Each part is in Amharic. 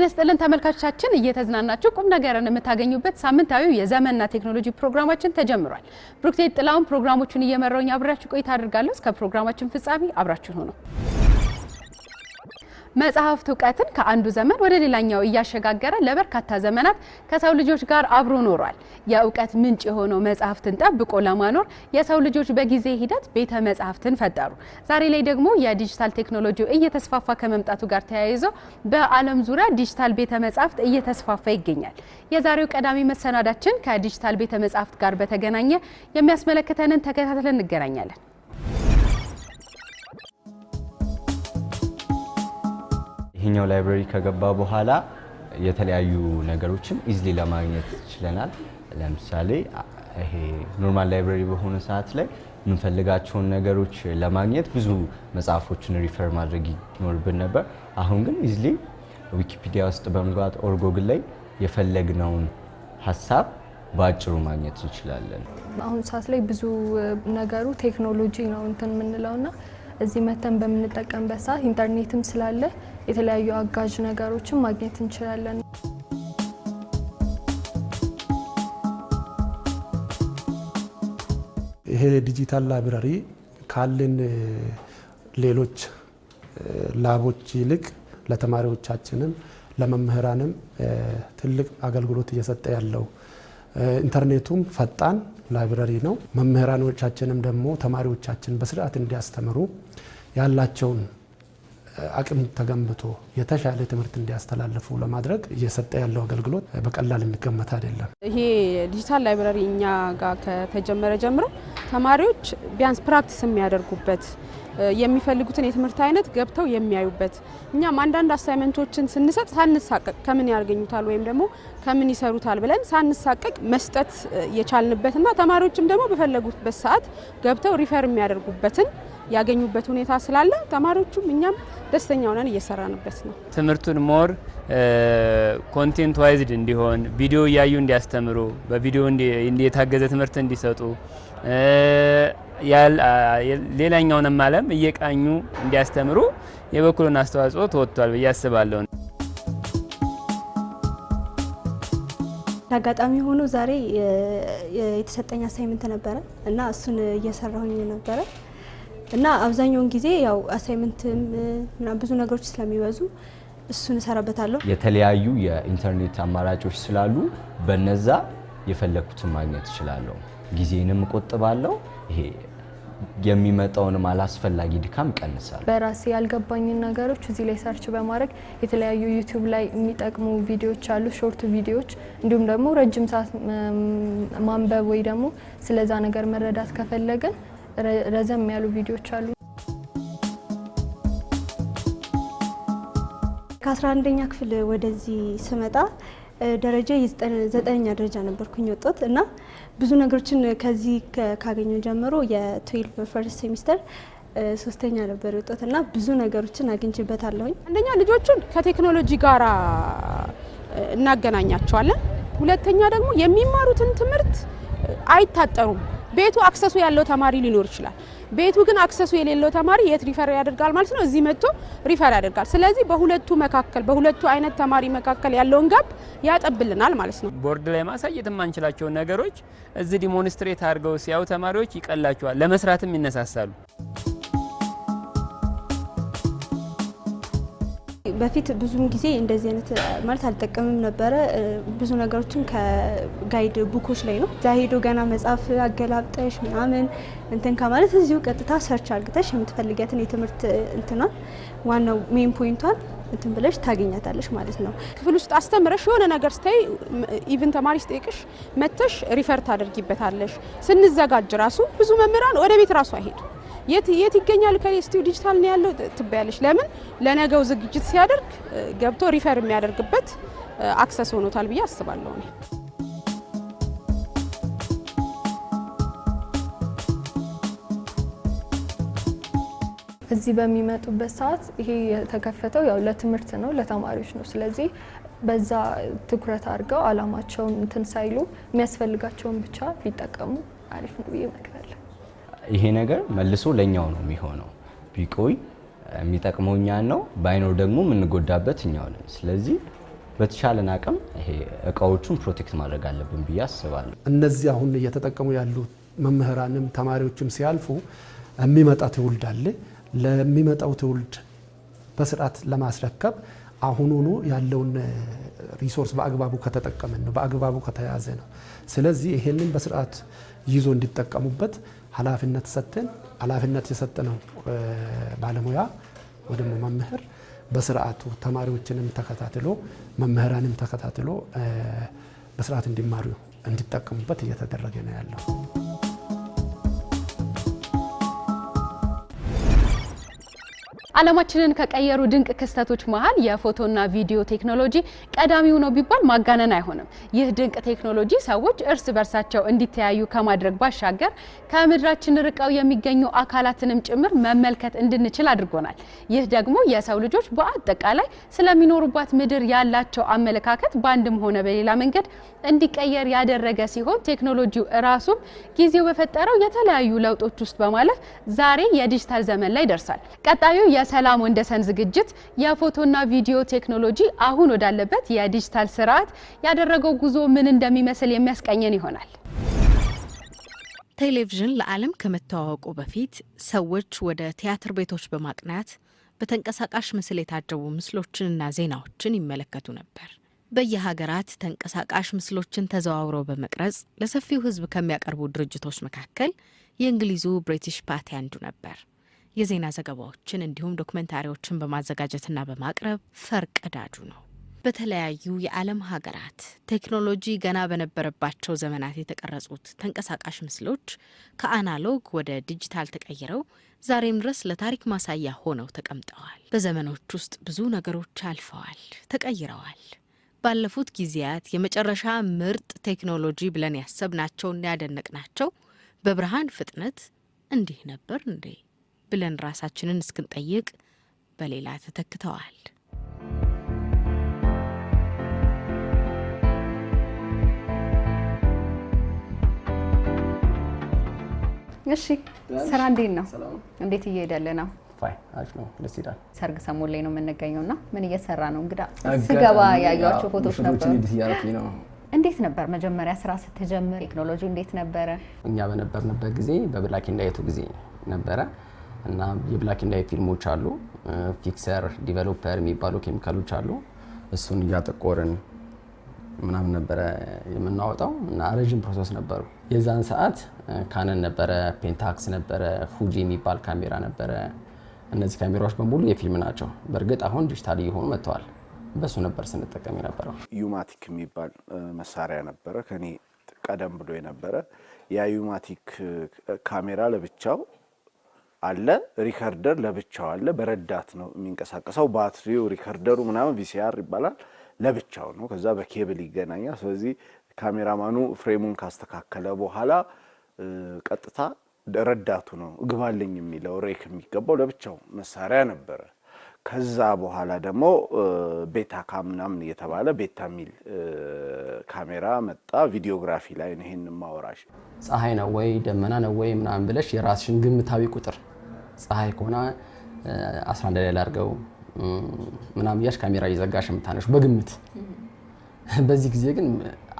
ጤና ይስጥልን ተመልካቾቻችን፣ እየተዝናናችሁ ቁም ነገርን የምታገኙበት ሳምንታዊው የዘመንና ቴክኖሎጂ ፕሮግራማችን ተጀምሯል። ብሩክቴት ጥላውን ፕሮግራሞቹን እየመራውኝ አብራችሁ ቆይታ አድርጋለሁ። እስከ ፕሮግራማችን ፍጻሜ አብራችሁን ሆነው መጽሐፍት እውቀትን ከአንዱ ዘመን ወደ ሌላኛው እያሸጋገረ ለበርካታ ዘመናት ከሰው ልጆች ጋር አብሮ ኖሯል። የእውቀት ምንጭ የሆነው መጽሐፍትን ጠብቆ ለማኖር የሰው ልጆች በጊዜ ሂደት ቤተ መጽሐፍትን ፈጠሩ። ዛሬ ላይ ደግሞ የዲጂታል ቴክኖሎጂ እየተስፋፋ ከመምጣቱ ጋር ተያይዞ በዓለም ዙሪያ ዲጂታል ቤተ መጽሐፍት እየተስፋፋ ይገኛል። የዛሬው ቀዳሚ መሰናዳችን ከዲጂታል ቤተ መጽሐፍት ጋር በተገናኘ የሚያስመለክተንን ተከታትለን እንገናኛለን። ይሄኛው ላይብረሪ ከገባ በኋላ የተለያዩ ነገሮችን ኢዝሊ ለማግኘት ችለናል። ለምሳሌ ይሄ ኖርማል ላይብረሪ በሆነ ሰዓት ላይ የምንፈልጋቸውን ነገሮች ለማግኘት ብዙ መጽሐፎችን ሪፈር ማድረግ ይኖርብን ነበር። አሁን ግን ኢዝሊ ዊኪፒዲያ ውስጥ በመግባት ኦር ጎግል ላይ የፈለግነውን ሀሳብ በአጭሩ ማግኘት እንችላለን። አሁን ሰዓት ላይ ብዙ ነገሩ ቴክኖሎጂ ነው እንትን የምንለውና እዚህ መተን በምንጠቀምበት ሰዓት ኢንተርኔትም ስላለ የተለያዩ አጋዥ ነገሮችን ማግኘት እንችላለን። ይሄ ዲጂታል ላይብራሪ ካልን ሌሎች ላቦች ይልቅ ለተማሪዎቻችንም ለመምህራንም ትልቅ አገልግሎት እየሰጠ ያለው ኢንተርኔቱም ፈጣን ላይብረሪ ነው። መምህራኖቻችንም ደግሞ ተማሪዎቻችን በስርዓት እንዲያስተምሩ ያላቸውን አቅም ተገንብቶ የተሻለ ትምህርት እንዲያስተላልፉ ለማድረግ እየሰጠ ያለው አገልግሎት በቀላል የሚገመት አይደለም። ይሄ ዲጂታል ላይብረሪ እኛ ጋር ከተጀመረ ጀምሮ ተማሪዎች ቢያንስ ፕራክቲስ የሚያደርጉበት የሚፈልጉትን የትምህርት አይነት ገብተው የሚያዩበት እኛም አንዳንድ አሳይመንቶችን ስንሰጥ ሳንሳቀቅ ከምን ያገኙታል ወይም ደግሞ ከምን ይሰሩታል ብለን ሳንሳቀቅ መስጠት የቻልንበትና ተማሪዎችም ደግሞ በፈለጉበት ሰዓት ገብተው ሪፈር የሚያደርጉበትን ያገኙበት ሁኔታ ስላለ ተማሪዎቹም እኛም ደስተኛ ሆነን እየሰራንበት ነው። ትምህርቱን ሞር ኮንቴንት ዋይዝድ እንዲሆን ቪዲዮ እያዩ እንዲያስተምሩ፣ በቪዲዮ የታገዘ ትምህርት እንዲሰጡ ሌላኛውንም ዓለም እየቃኙ እንዲያስተምሩ የበኩሉን አስተዋጽኦ ተወጥቷል ብዬ አስባለሁ። አጋጣሚ ሆኖ ዛሬ የተሰጠኝ አሳይመንት ነበረ እና እሱን እየሰራሁኝ ነበረ። እና አብዛኛውን ጊዜ ያው አሳይመንትም ብዙ ነገሮች ስለሚበዙ እሱን እሰራበታለሁ። የተለያዩ የኢንተርኔት አማራጮች ስላሉ በነዛ የፈለግኩትን ማግኘት እችላለሁ። ጊዜንም እቆጥባለሁ። ይሄ የሚመጣውንም አላስፈላጊ ድካም ቀንሳል። በራሴ ያልገባኝን ነገሮች እዚህ ላይ ሰርች በማድረግ የተለያዩ ዩቲዩብ ላይ የሚጠቅሙ ቪዲዮዎች አሉ፣ ሾርት ቪዲዮዎች። እንዲሁም ደግሞ ረጅም ሰዓት ማንበብ ወይ ደግሞ ስለዛ ነገር መረዳት ከፈለግን ረዘም ያሉ ቪዲዮዎች አሉ። ከ11ኛ ክፍል ወደዚህ ስመጣ ደረጃ የዘጠነኛ ደረጃ ነበርኩኝ ወጣት እና ብዙ ነገሮችን ከዚህ ካገኘ ጀምሮ የትዌልቭ ፈርስት ሴሚስተር ሶስተኛ ነበር ወጣት እና ብዙ ነገሮችን አለሁኝ። አንደኛ ልጆቹን ከቴክኖሎጂ ጋር እናገናኛቸዋለን። ሁለተኛ ደግሞ የሚማሩትን ትምህርት አይታጠሩም። ቤቱ አክሰሱ ያለው ተማሪ ሊኖር ይችላል። ቤቱ ግን አክሰሱ የሌለው ተማሪ የት ሪፈር ያደርጋል ማለት ነው? እዚህ መጥቶ ሪፈር ያደርጋል። ስለዚህ በሁለቱ መካከል በሁለቱ አይነት ተማሪ መካከል ያለውን ጋብ ያጠብልናል ማለት ነው። ቦርድ ላይ ማሳየት የማንችላቸውን ነገሮች እዚህ ዲሞንስትሬት አድርገው ሲያዩ ተማሪዎች ይቀላቸዋል፣ ለመስራትም ይነሳሳሉ። በፊት ብዙም ጊዜ እንደዚህ አይነት ማለት አልጠቀምም ነበረ። ብዙ ነገሮችን ከጋይድ ቡኮች ላይ ነው እዛ ሄዶ ገና መጽሐፍ አገላብጠሽ ምናምን እንትን ከማለት እዚሁ ቀጥታ ሰርች አርግተሽ የምትፈልጊያትን የትምህርት እንትኗን ዋናው ሜን ፖይንቷን እንትን ብለሽ ታገኛታለሽ ማለት ነው። ክፍል ውስጥ አስተምረሽ የሆነ ነገር ስታይ ኢቭን ተማሪ ስጠይቅሽ መተሽ ሪፈር ታደርጊበታለሽ። ስንዘጋጅ ራሱ ብዙ መምህራን ወደ ቤት ራሱ አይሄዱ የት የት ይገኛል ከስቲው ዲጂታል ነው ያለው ትባያለሽ። ለምን ለነገው ዝግጅት ሲያደርግ ገብቶ ሪፈር የሚያደርግበት አክሰስ ሆኖታል ብዬ አስባለሁ። እዚህ በሚመጡበት ሰዓት ይሄ የተከፈተው ያው ለትምህርት ነው፣ ለተማሪዎች ነው። ስለዚህ በዛ ትኩረት አድርገው አላማቸውን እንትን ሳይሉ የሚያስፈልጋቸውን ብቻ ቢጠቀሙ አሪፍ ነው ብዬ ይሄ ነገር መልሶ ለእኛው ነው የሚሆነው። ቢቆይ የሚጠቅመው እኛን ነው፣ ባይኖር ደግሞ የምንጎዳበት እኛው ነን። ስለዚህ በተቻለን አቅም ይሄ እቃዎቹን ፕሮቴክት ማድረግ አለብን ብዬ አስባለሁ። እነዚህ አሁን እየተጠቀሙ ያሉ መምህራንም ተማሪዎችም ሲያልፉ የሚመጣ ትውልድ አለ። ለሚመጣው ትውልድ በስርዓት ለማስረከብ አሁኑኑ ያለውን ሪሶርስ በአግባቡ ከተጠቀምን ነው፣ በአግባቡ ከተያዘ ነው። ስለዚህ ይሄንን በስርዓት ይዞ እንዲጠቀሙበት ኃላፊነት ሰጥተን ኃላፊነት የሰጠነው ባለሙያ ወደሞ መምህር በስርዓቱ ተማሪዎችንም ተከታትሎ መምህራንም ተከታትሎ በስርዓት እንዲማሩ እንዲጠቀሙበት እየተደረገ ነው ያለው። ዓለማችንን ከቀየሩ ድንቅ ክስተቶች መሀል የፎቶና ቪዲዮ ቴክኖሎጂ ቀዳሚው ነው ቢባል ማጋነን አይሆንም። ይህ ድንቅ ቴክኖሎጂ ሰዎች እርስ በርሳቸው እንዲተያዩ ከማድረግ ባሻገር ከምድራችን ርቀው የሚገኙ አካላትንም ጭምር መመልከት እንድንችል አድርጎናል። ይህ ደግሞ የሰው ልጆች በአጠቃላይ ስለሚኖሩባት ምድር ያላቸው አመለካከት በአንድም ሆነ በሌላ መንገድ እንዲቀየር ያደረገ ሲሆን ቴክኖሎጂው ራሱም ጊዜው በፈጠረው የተለያዩ ለውጦች ውስጥ በማለፍ ዛሬ የዲጂታል ዘመን ላይ ደርሳል። ቀጣዩ የሰላም ወንደሰን ዝግጅት የፎቶና ቪዲዮ ቴክኖሎጂ አሁን ወዳለበት የዲጂታል ስርዓት ያደረገው ጉዞ ምን እንደሚመስል የሚያስቀኘን ይሆናል። ቴሌቪዥን ለዓለም ከመተዋወቁ በፊት ሰዎች ወደ ቲያትር ቤቶች በማቅናት በተንቀሳቃሽ ምስል የታጀቡ ምስሎችንና ዜናዎችን ይመለከቱ ነበር። በየሀገራት ተንቀሳቃሽ ምስሎችን ተዘዋውረው በመቅረጽ ለሰፊው ሕዝብ ከሚያቀርቡ ድርጅቶች መካከል የእንግሊዙ ብሪቲሽ ፓቲ አንዱ ነበር። የዜና ዘገባዎችን እንዲሁም ዶክመንታሪዎችን በማዘጋጀትና በማቅረብ ፈርቀዳጁ ነው። በተለያዩ የዓለም ሀገራት ቴክኖሎጂ ገና በነበረባቸው ዘመናት የተቀረጹት ተንቀሳቃሽ ምስሎች ከአናሎግ ወደ ዲጂታል ተቀይረው ዛሬም ድረስ ለታሪክ ማሳያ ሆነው ተቀምጠዋል። በዘመኖች ውስጥ ብዙ ነገሮች አልፈዋል፣ ተቀይረዋል። ባለፉት ጊዜያት የመጨረሻ ምርጥ ቴክኖሎጂ ብለን ያሰብናቸውና ያደነቅናቸው በብርሃን ፍጥነት እንዲህ ነበር እንዴ ብለን ራሳችንን እስክንጠይቅ በሌላ ተተክተዋል። እሺ ስራ እንዴት ነው? እንዴት እየሄደል ነው? ደስ ይላል። ሰርግ ሰሞን ላይ ነው የምንገኘው እና ምን እየሰራ ነው? እንግዳ ስገባ ያዩቸው ፎቶች ነበሩ። እንዴት ነበር መጀመሪያ ስራ ስትጀምር? ቴክኖሎጂ እንዴት ነበረ? እኛ በነበርንበት ጊዜ በብላኪ እንዳየቱ ጊዜ ነበረ እና የብላክ ኤንድ ዋይት ፊልሞች አሉ፣ ፊክሰር ዲቨሎፐር የሚባሉ ኬሚካሎች አሉ። እሱን እያጠቆርን ምናምን ነበረ የምናወጣው እና ረዥም ፕሮሰስ ነበሩ። የዛን ሰዓት ካነን ነበረ፣ ፔንታክስ ነበረ፣ ፉጂ የሚባል ካሜራ ነበረ። እነዚህ ካሜራዎች በሙሉ የፊልም ናቸው። በእርግጥ አሁን ዲጂታል እየሆኑ መጥተዋል። በሱ ነበር ስንጠቀም የነበረው። ዩማቲክ የሚባል መሳሪያ ነበረ ከኔ ቀደም ብሎ የነበረ ያ ዩማቲክ ካሜራ ለብቻው አለ። ሪከርደር ለብቻው አለ። በረዳት ነው የሚንቀሳቀሰው። ባትሪው፣ ሪከርደሩ ምናምን ቪሲአር ይባላል ለብቻው ነው። ከዛ በኬብል ይገናኛል። ስለዚህ ካሜራማኑ ፍሬሙን ካስተካከለ በኋላ ቀጥታ ረዳቱ ነው ግባልኝ የሚለው ሬክ የሚገባው ለብቻው መሳሪያ ነበረ። ከዛ በኋላ ደግሞ ቤታ ካም ምናምን እየተባለ ቤታ ሚል ካሜራ መጣ። ቪዲዮግራፊ ላይ ይሄን ማወራሽ ፀሐይ ነው ወይ ደመና ነው ወይ ምናምን ብለሽ የራስሽን ግምታዊ ቁጥር ፀሐይ ከሆነ 11 ላይ ላርገው ምናምን እያልሽ ካሜራ እየዘጋሽ የምታነሹ በግምት በዚህ ጊዜ ግን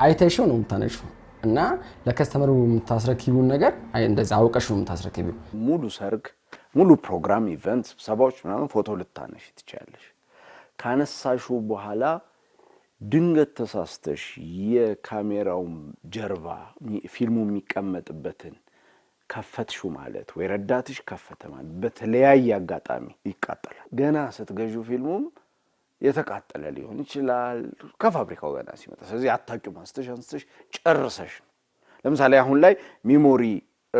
አይተሽው ነው የምታነሹ እና ለከስተመሩ የምታስረክቢውን ነገር እንደዚ አውቀሽ ነው የምታስረክቢው። ሙሉ ሰርግ፣ ሙሉ ፕሮግራም፣ ኢቨንት፣ ስብሰባዎች ምናምን ፎቶ ልታነሽ ትችያለሽ። ካነሳሹ በኋላ ድንገት ተሳስተሽ የካሜራው ጀርባ ፊልሙ የሚቀመጥበትን ከፈትሹ ማለት ወይ ረዳትሽ ከፈተ ማለት በተለያየ አጋጣሚ ይቃጠላል። ገና ስትገዡ ፊልሙም የተቃጠለ ሊሆን ይችላል ከፋብሪካው ገና ሲመጣ። ስለዚህ አታቂ አንስተሽ አንስተሽ ጨርሰሽ ነው። ለምሳሌ አሁን ላይ ሚሞሪ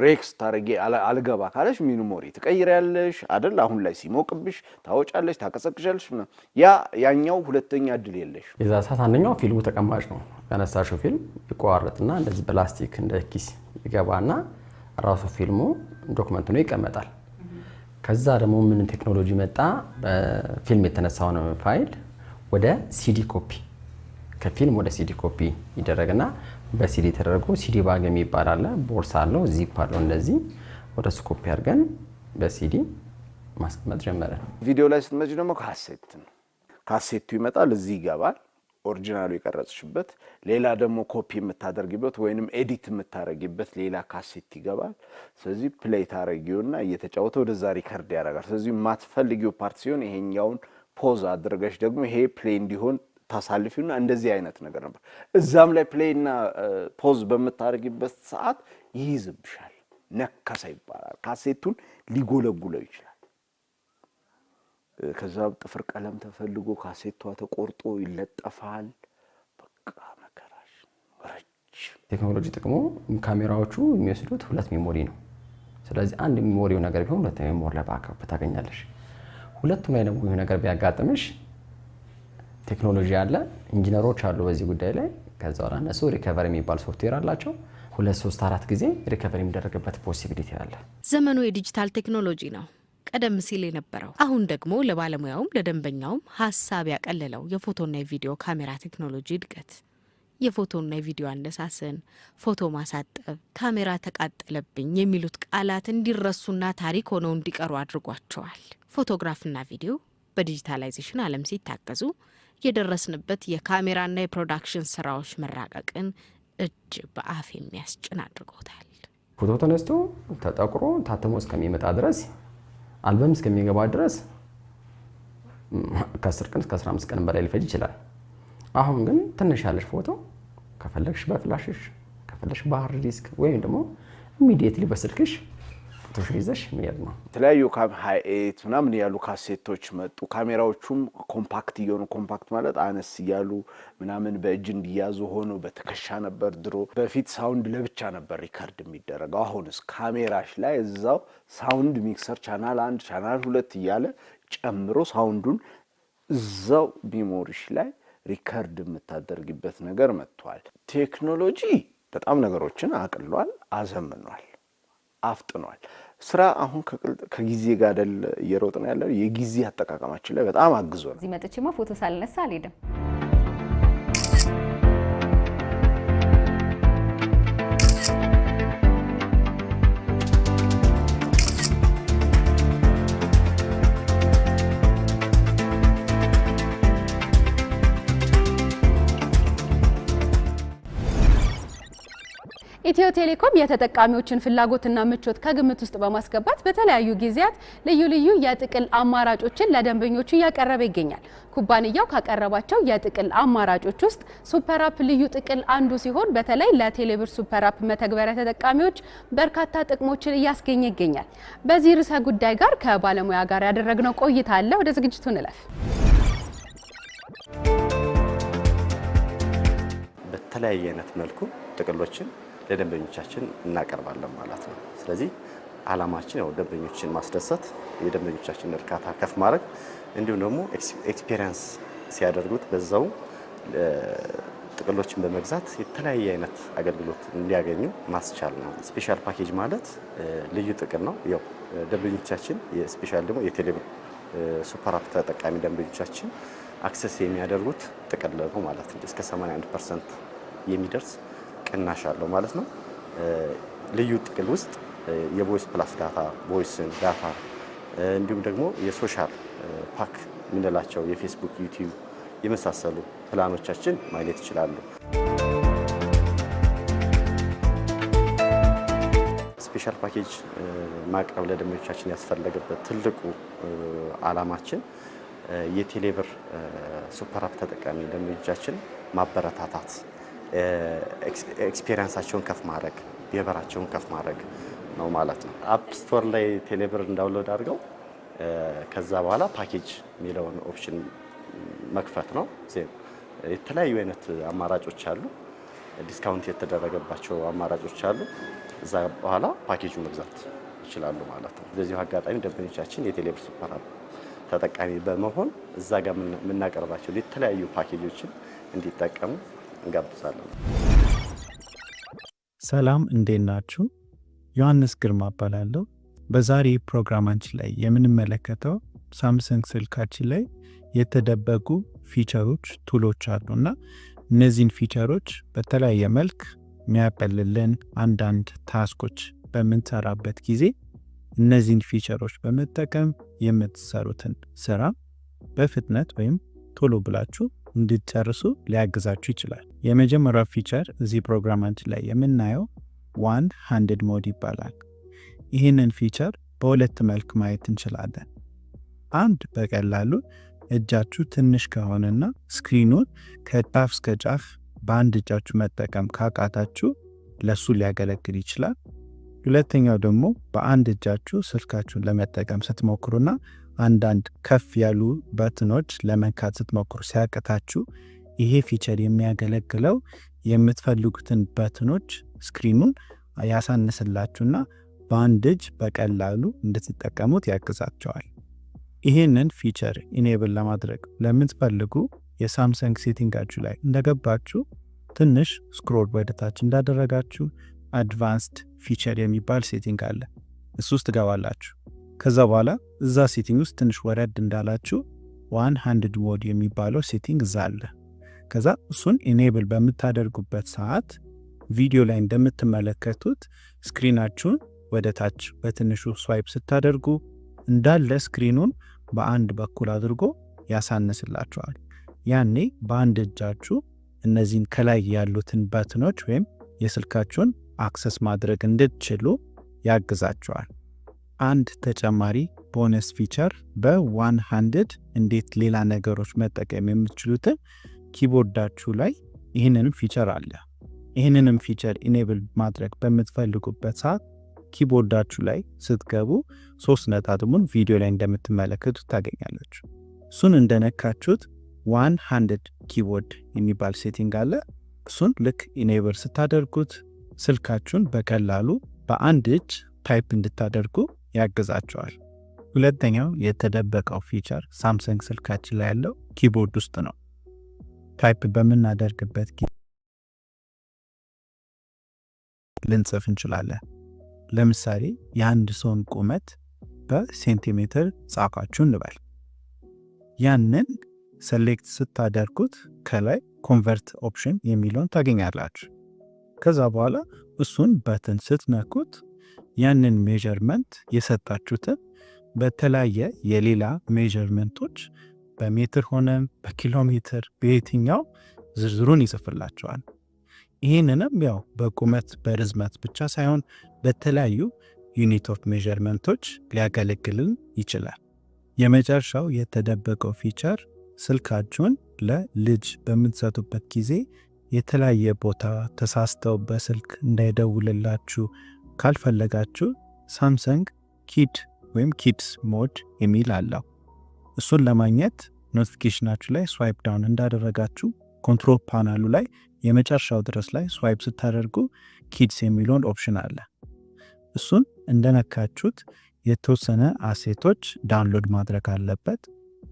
ሬክስ ታረጌ አልገባ ካለሽ ሚሞሪ ትቀይሪያለሽ አደል? አሁን ላይ ሲሞቅብሽ ታወጫለሽ፣ ታቀሰቅሻለሽ። ያ ያኛው ሁለተኛ እድል የለሽ። የዛ ሰዓት አንደኛው ፊልሙ ተቀማጭ ነው። ያነሳሽው ፊልም ይቋረጥና እንደዚህ ፕላስቲክ እንደ ኪስ ይገባና ራሱ ፊልሙ ዶክመንት ነው ይቀመጣል። ከዛ ደግሞ ምን ቴክኖሎጂ መጣ? በፊልም የተነሳውን ፋይል ወደ ሲዲ ኮፒ ከፊልም ወደ ሲዲ ኮፒ ይደረግና በሲዲ ተደርጎ ሲዲ ባግ የሚባል አለ። ቦርሳ አለው፣ ዚፕ አለው። እንደዚህ ወደ እሱ ኮፒ አድርገን በሲዲ ማስቀመጥ ጀመረ። ቪዲዮ ላይ ስትመጪ ደግሞ ካሴት ነው። ካሴቱ ይመጣል፣ እዚህ ይገባል። ኦሪጂናሉ የቀረጽሽበት ሌላ ደግሞ ኮፒ የምታደርጊበት ወይንም ኤዲት የምታደረጊበት ሌላ ካሴት ይገባል። ስለዚህ ፕሌይ ታረጊውና እየተጫወተ ወደዛ ሪከርድ ያደርጋል። ስለዚህ ማትፈልጊው ፓርት ሲሆን ይሄኛውን ፖዝ አድርገሽ ደግሞ ይሄ ፕሌይ እንዲሆን ታሳልፊውና እንደዚህ አይነት ነገር ነበር። እዛም ላይ ፕሌይና ፖዝ በምታደረጊበት ሰዓት ይይዝብሻል። ነከሰ ይባላል። ካሴቱን ሊጎለጉለው ይችላል። ከዛ ጥፍር ቀለም ተፈልጎ ካሴቷ ተቆርጦ ይለጠፋል። በቃ መከራሽ ረጅም። ቴክኖሎጂ ጥቅሙ ካሜራዎቹ የሚወስዱት ሁለት ሜሞሪ ነው። ስለዚህ አንድ ሜሞሪው ነገር ቢሆን ሁለት ሜሞሪ ላይ ታገኛለሽ። ሁለቱም ላይ ደግሞ ነገር ቢያጋጥምሽ ቴክኖሎጂ አለ፣ ኢንጂነሮች አሉ በዚህ ጉዳይ ላይ። ከዛ በኋላ እነሱ ሪከቨር የሚባል ሶፍትዌር አላቸው። ሁለት ሶስት አራት ጊዜ ሪከቨር የሚደረግበት ፖሲቢሊቲ አለ። ዘመኑ የዲጂታል ቴክኖሎጂ ነው። ቀደም ሲል የነበረው። አሁን ደግሞ ለባለሙያውም ለደንበኛውም ሀሳብ ያቀለለው የፎቶና የቪዲዮ ካሜራ ቴክኖሎጂ እድገት የፎቶና የቪዲዮ አነሳስን፣ ፎቶ ማሳጠብ፣ ካሜራ ተቃጠለብኝ የሚሉት ቃላት እንዲረሱና ታሪክ ሆነው እንዲቀሩ አድርጓቸዋል። ፎቶግራፍና ቪዲዮ በዲጂታላይዜሽን ዓለም ሲታገዙ የደረስንበት የካሜራና የፕሮዳክሽን ስራዎች መራቀቅን እጅ በአፍ የሚያስጭን አድርጎታል። ፎቶ ተነስቶ ተጠቁሮ ታትሞ እስከሚመጣ ድረስ አልበም እስከሚገባ ድረስ ከስር ቀን እስከ 15 ቀን በላይ ሊፈጅ ይችላል። አሁን ግን ትንሽ ያለሽ ፎቶ ከፈለግሽ በፍላሽሽ ከፈለግሽ በሃርድ ዲስክ ወይም ደግሞ ኢሚዲየትሊ በስልክሽ ፎቶ ይዘሽ የሚሄድ ነው። የተለያዩ ሀይኤት ምናምን ያሉ ካሴቶች መጡ። ካሜራዎቹም ኮምፓክት እየሆኑ ኮምፓክት ማለት አነስ እያሉ ምናምን በእጅ እንዲያዙ ሆኖ በትከሻ ነበር። ድሮ በፊት ሳውንድ ለብቻ ነበር ሪከርድ የሚደረገው። አሁንስ ካሜራሽ ላይ እዛው ሳውንድ ሚክሰር ቻናል አንድ ቻናል ሁለት እያለ ጨምሮ ሳውንዱን እዛው ሚሞሪሽ ላይ ሪከርድ የምታደርግበት ነገር መጥቷል። ቴክኖሎጂ በጣም ነገሮችን አቅሏል፣ አዘምኗል። አፍጥኗል። ስራ አሁን ከጊዜ ጋር አይደል እየሮጥ ነው ያለው። የጊዜ አጠቃቀማችን ላይ በጣም አግዞ ነው። እዚህ መጥቼማ ፎቶ ሳልነሳ አልሄድም። ኢትዮ ቴሌኮም የተጠቃሚዎችን ፍላጎትና ምቾት ከግምት ውስጥ በማስገባት በተለያዩ ጊዜያት ልዩ ልዩ የጥቅል አማራጮችን ለደንበኞቹ እያቀረበ ይገኛል። ኩባንያው ካቀረባቸው የጥቅል አማራጮች ውስጥ ሱፐር አፕ ልዩ ጥቅል አንዱ ሲሆን በተለይ ለቴሌብር ሱፐር አፕ መተግበሪያ ተጠቃሚዎች በርካታ ጥቅሞችን እያስገኘ ይገኛል። በዚህ ርዕሰ ጉዳይ ጋር ከባለሙያ ጋር ያደረግነው ቆይታ አለ። ወደ ዝግጅቱ እንለፍ። በተለያየ አይነት መልኩ ጥቅሎችን ለደንበኞቻችን እናቀርባለን ማለት ነው። ስለዚህ አላማችን ያው ደንበኞችን ማስደሰት፣ የደንበኞቻችን እርካታ ከፍ ማድረግ እንዲሁም ደግሞ ኤክስፔሪንስ ሲያደርጉት በዛው ጥቅሎችን በመግዛት የተለያየ አይነት አገልግሎት እንዲያገኙ ማስቻል ነው። ስፔሻል ፓኬጅ ማለት ልዩ ጥቅል ነው። ያው ደንበኞቻችን የስፔሻል ደግሞ የቴሌብር ሱፐር አፕ ተጠቃሚ ደንበኞቻችን አክሰስ የሚያደርጉት ጥቅል ነው ማለት ነው። እስከ 81 ፐርሰንት የሚደርስ ቅናሽ አለው ማለት ነው። ልዩ ጥቅል ውስጥ የቮይስ ፕላስ ዳታ ቮይስን፣ ዳታ እንዲሁም ደግሞ የሶሻል ፓክ የምንላቸው የፌስቡክ፣ ዩቲዩብ የመሳሰሉ ፕላኖቻችን ማግኘት ይችላሉ። ስፔሻል ፓኬጅ ማቅረብ ለደንበኞቻችን ያስፈለገበት ትልቁ ዓላማችን የቴሌብር ሱፐር አፕ ተጠቃሚ ደንበኞቻችን ማበረታታት ኤክስፔሪንሳቸውን ከፍ ማድረግ ቤበራቸውን ከፍ ማድረግ ነው ማለት ነው። አፕ ስቶር ላይ ቴሌብር እንዳውሎድ አድርገው ከዛ በኋላ ፓኬጅ የሚለውን ኦፕሽን መክፈት ነው። የተለያዩ አይነት አማራጮች አሉ። ዲስካውንት የተደረገባቸው አማራጮች አሉ። እዛ በኋላ ፓኬጁ መግዛት ይችላሉ ማለት ነው። በዚሁ አጋጣሚ ደንበኞቻችን የቴሌብር ሱፐር አፕ ተጠቃሚ በመሆን እዛ ጋር የምናቀርባቸው የተለያዩ ፓኬጆችን እንዲጠቀሙ እንጋብዛለን። ሰላም እንዴት ናችሁ? ዮሐንስ ግርማ እባላለሁ። በዛሬ ፕሮግራማችን ላይ የምንመለከተው ሳምሰንግ ስልካችን ላይ የተደበቁ ፊቸሮች፣ ቱሎች አሉ እና እነዚህን ፊቸሮች በተለያየ መልክ የሚያቀልልን አንዳንድ ታስኮች በምንሰራበት ጊዜ እነዚህን ፊቸሮች በመጠቀም የምትሰሩትን ስራ በፍጥነት ወይም ቶሎ ብላችሁ እንድትጨርሱ ሊያግዛችሁ ይችላል። የመጀመሪያው ፊቸር እዚህ ፕሮግራማችን ላይ የምናየው ዋን ሃንድድ ሞድ ይባላል። ይህንን ፊቸር በሁለት መልክ ማየት እንችላለን። አንድ በቀላሉ እጃችሁ ትንሽ ከሆነና ስክሪኑን ከጫፍ እስከ ጫፍ በአንድ እጃችሁ መጠቀም ካቃታችሁ ለሱ ሊያገለግል ይችላል። ሁለተኛው ደግሞ በአንድ እጃችሁ ስልካችሁን ለመጠቀም ስትሞክሩና አንዳንድ ከፍ ያሉ በትኖች ለመንካት ስትሞክሩ ሲያቅታችሁ ይሄ ፊቸር የሚያገለግለው የምትፈልጉትን በትኖች ስክሪኑን ያሳንስላችሁና በአንድ እጅ በቀላሉ እንድትጠቀሙት ያግዛቸዋል። ይህንን ፊቸር ኢኔብል ለማድረግ ለምትፈልጉ የሳምሰንግ ሴቲንጋችሁ ላይ እንደገባችሁ ትንሽ ስክሮል ወደታች እንዳደረጋችሁ አድቫንስድ ፊቸር የሚባል ሴቲንግ አለ። እሱ ውስጥ ትገባላችሁ። ከዛ በኋላ እዛ ሴቲንግ ውስጥ ትንሽ ወረድ እንዳላችሁ ዋን ሃንድድ ሞድ የሚባለው ሴቲንግ እዛ አለ። ከዛ እሱን ኢኔብል በምታደርጉበት ሰዓት ቪዲዮ ላይ እንደምትመለከቱት ስክሪናችሁን ወደ ታች በትንሹ ስዋይፕ ስታደርጉ እንዳለ ስክሪኑን በአንድ በኩል አድርጎ ያሳንስላችኋል። ያኔ በአንድ እጃችሁ እነዚህን ከላይ ያሉትን በትኖች ወይም የስልካችሁን አክሰስ ማድረግ እንድትችሉ ያግዛችኋል። አንድ ተጨማሪ ቦነስ ፊቸር በዋን ሃንድድ እንዴት ሌላ ነገሮች መጠቀም የምትችሉትን ኪቦርዳችሁ ላይ ይህንንም ፊቸር አለ። ይህንንም ፊቸር ኢኔብል ማድረግ በምትፈልጉበት ሰዓት ኪቦርዳችሁ ላይ ስትገቡ ሶስት ነጣጥሙን ቪዲዮ ላይ እንደምትመለከቱት ታገኛለች። እሱን እንደነካችሁት ዋን ሃንድድ ኪቦርድ የሚባል ሴቲንግ አለ። እሱን ልክ ኢኔብል ስታደርጉት ስልካችሁን በቀላሉ በአንድ እጅ ታይፕ እንድታደርጉ ያግዛቸዋል። ሁለተኛው የተደበቀው ፊቸር ሳምሰንግ ስልካችን ላይ ያለው ኪቦርድ ውስጥ ነው። ታይፕ በምናደርግበት ልንጽፍ እንችላለን። ለምሳሌ የአንድ ሰውን ቁመት በሴንቲሜትር ጻፋችሁ እንበል። ያንን ሰሌክት ስታደርጉት ከላይ ኮንቨርት ኦፕሽን የሚለውን ታገኛላችሁ። ከዛ በኋላ እሱን በትን ስትነኩት ያንን ሜዠርመንት የሰጣችሁትን በተለያየ የሌላ ሜዠርመንቶች በሜትር ሆነም በኪሎ ሜትር በየትኛው ዝርዝሩን ይጽፍላቸዋል። ይህንንም ያው በቁመት በርዝመት ብቻ ሳይሆን በተለያዩ ዩኒት ኦፍ ሜዠርመንቶች ሊያገለግልን ይችላል። የመጨረሻው የተደበቀው ፊቸር ስልካችሁን ለልጅ በምትሰጡበት ጊዜ የተለያየ ቦታ ተሳስተው በስልክ እንዳይደውልላችሁ ካልፈለጋችሁ ሳምሰንግ ኪድ ወይም ኪድስ ሞድ የሚል አለው። እሱን ለማግኘት ኖቲፊኬሽናችሁ ላይ ስዋይፕ ዳውን እንዳደረጋችሁ ኮንትሮል ፓናሉ ላይ የመጨረሻው ድረስ ላይ ስዋይፕ ስታደርጉ ኪድስ የሚለውን ኦፕሽን አለ። እሱን እንደነካችሁት የተወሰነ አሴቶች ዳውንሎድ ማድረግ አለበት።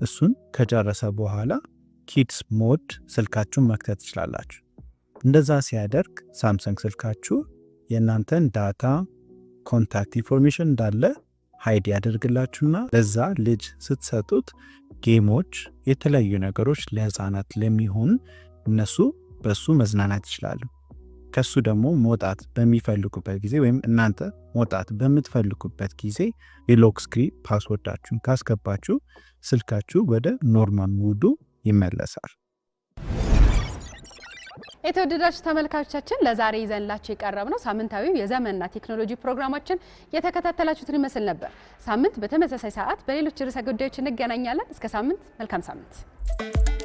እሱን ከጨረሰ በኋላ ኪድስ ሞድ ስልካችሁን መክተት ትችላላችሁ። እንደዛ ሲያደርግ ሳምሰንግ ስልካችሁ የእናንተን ዳታ ኮንታክት ኢንፎርሜሽን እንዳለ ሀይድ ያደርግላችሁና ለዛ ልጅ ስትሰጡት ጌሞች፣ የተለያዩ ነገሮች ለህፃናት ለሚሆን እነሱ በሱ መዝናናት ይችላሉ። ከሱ ደግሞ መውጣት በሚፈልጉበት ጊዜ ወይም እናንተ መውጣት በምትፈልጉበት ጊዜ የሎክ ስክሪን ፓስወርዳችሁን ካስገባችሁ ስልካችሁ ወደ ኖርማል ሙዱ ይመለሳል። የተወደዳችሁ ተመልካቾቻችን ለዛሬ ይዘንላችሁ የቀረብ ነው ሳምንታዊው የዘመንና ቴክኖሎጂ ፕሮግራማችን የተከታተላችሁትን ይመስል ነበር። ሳምንት በተመሳሳይ ሰዓት በሌሎች ርዕሰ ጉዳዮች እንገናኛለን። እስከ ሳምንት መልካም ሳምንት